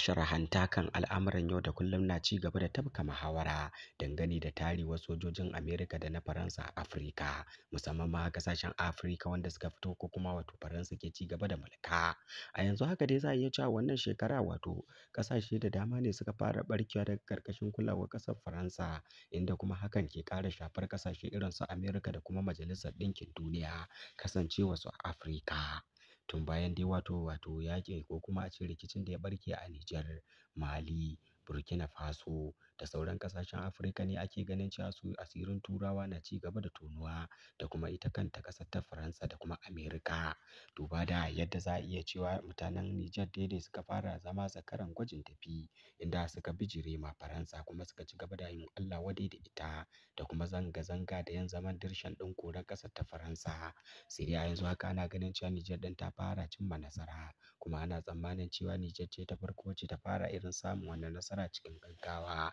hanta kan al'amuran yau da kullum na ci gaba da tabka muhawara dangane da tarewa sojojin Amerika da na Faransa a Afirka musamman ma kasashen Afirka wanda suka fito ko kuma wato Faransa ke ci gaba da mulka a yanzu haka dai za a iya cewa wannan shekara wato kasashe da dama ne suka fara barkewa daga karkashin kulawar kasar Faransa inda kuma hakan ke ƙara shafar kasashe irin su Amerika da kuma Majalisar Ɗinkin Duniya su a Afirka tun bayan dai wato wato yaƙin ko kuma a ce rikicin da ya ɓarke a Nijar, Mali, Burkina Faso da sauran ƙasashen Afirka ne ake ganin cewa su asirin Turawa na ci gaba da tonuwa da kuma ita kanta ƙasar ta Faransa da kuma Amerika. Duba da yadda za a iya cewa mutanen Nijar dai dai suka fara zama zakaran gwajin tafi inda suka bijire ma Faransa kuma suka ci gaba da yin Allah wadai da ita da kuma zanga-zanga da yan zaman dirshan ɗin koren ƙasar ta Faransa. Sai dai yanzu haka ana ganin cewa Nijar ɗin ta fara cimma nasara kuma ana tsammanin cewa Nijar ce ta farko ce ta fara irin samun wannan nasara cikin gaggawa.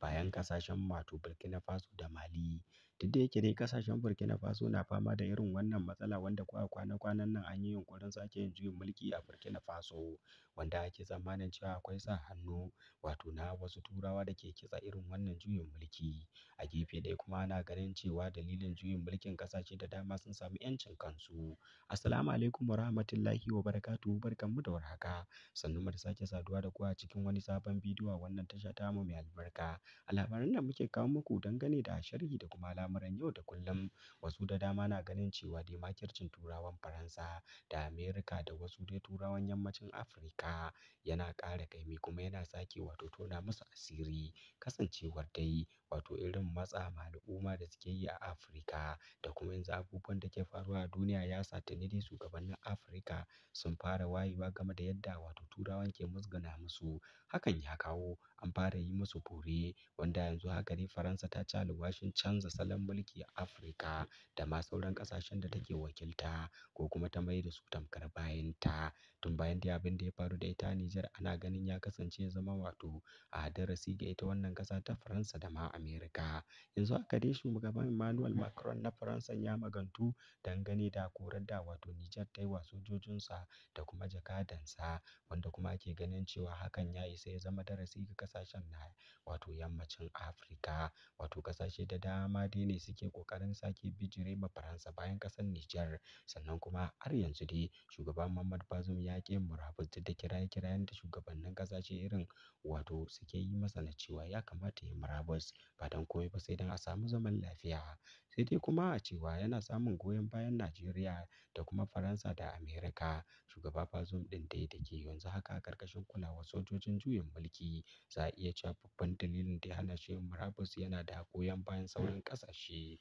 bayan ƙasashen wato Burkina Faso da Mali. Duk da yake dai ƙasashen Burkina Faso na fama da irin wannan matsala wanda ko a kwana kwanan nan an yi yunƙurin sake yin juyin mulki a Burkina Faso wanda ake tsammanin cewa akwai sa hannu wato na wasu Turawa da ke kitsa irin wannan juyin mulki. A gefe ɗaya kuma ana ganin cewa dalilin juyin mulkin ƙasashe da dama sun samu 'yancin kansu. Assalamu alaikum warahmatullahi barkan mu da warhaka. mu da sake saduwa da ku a cikin wani sabon bidiyo a wannan tasha tamu mai albarka. a labaran da muke kawo muku dangane da sharhi da kuma lamuran yau da kullum. Wasu da dama na ganin cewa dai makircin Turawan Faransa da Amerika da wasu dai Turawan Yammacin Afirka yana ƙara ƙaimi kuma yana sake wato tona musu asiri. kasancewar dai wato irin matsa ma al'umma da suke yi a Afirka da kuma yanzu abubuwan da ke faruwa a duniya ya sa tuni dai shugabannin Afirka sun fara wayewa game da yadda wato Turawan ke musgana musu. Hakan ya kawo an fara yi musu bore wanda yanzu haka dai Faransa ta ci alwashin canza salon mulki a Afirka da ma sauran ƙasashen da take wakilta ko kuma ta mai da su tamkar bayanta. Tun bayan dai abin da ya faru da ita Nijar ana ganin ya kasance ya zama wato a darasi ga ita wannan ƙasa ta Faransa da ma Amerika. Yanzu haka dai shugaban Emmanuel Macron na Faransa ya magantu dangane da korar da wato Nijar ta yi wa sojojinsa da kuma jakadansa wanda kuma ake ganin cewa hakan ya isa ya zama darasi ga ƙasashen na wato yammacin Afirka. Wato ƙasashe da dama dai ne suke ƙoƙarin sake bijire ma Faransa bayan ƙasar Nijar. Sannan kuma har yanzu dai shugaban Muhammad Bazoum ya ƙi murabus duk da kiraye-kirayen da shugabannin ƙasashe irin wato suke yi masa na cewa ya kamata ya murabus ba don komai ba sai don a samu zaman lafiya. Sai dai kuma a cewa yana samun goyon bayan Najeriya da kuma Faransa da Amerika. Shugaba Bazoum ɗin dai da ke yanzu haka a ƙarƙashin kulawar sojojin juyin mulki. Za a iya cewa babban dalilin da ya hana shi yin murabus yana da goyon bayan sauran ƙasashe.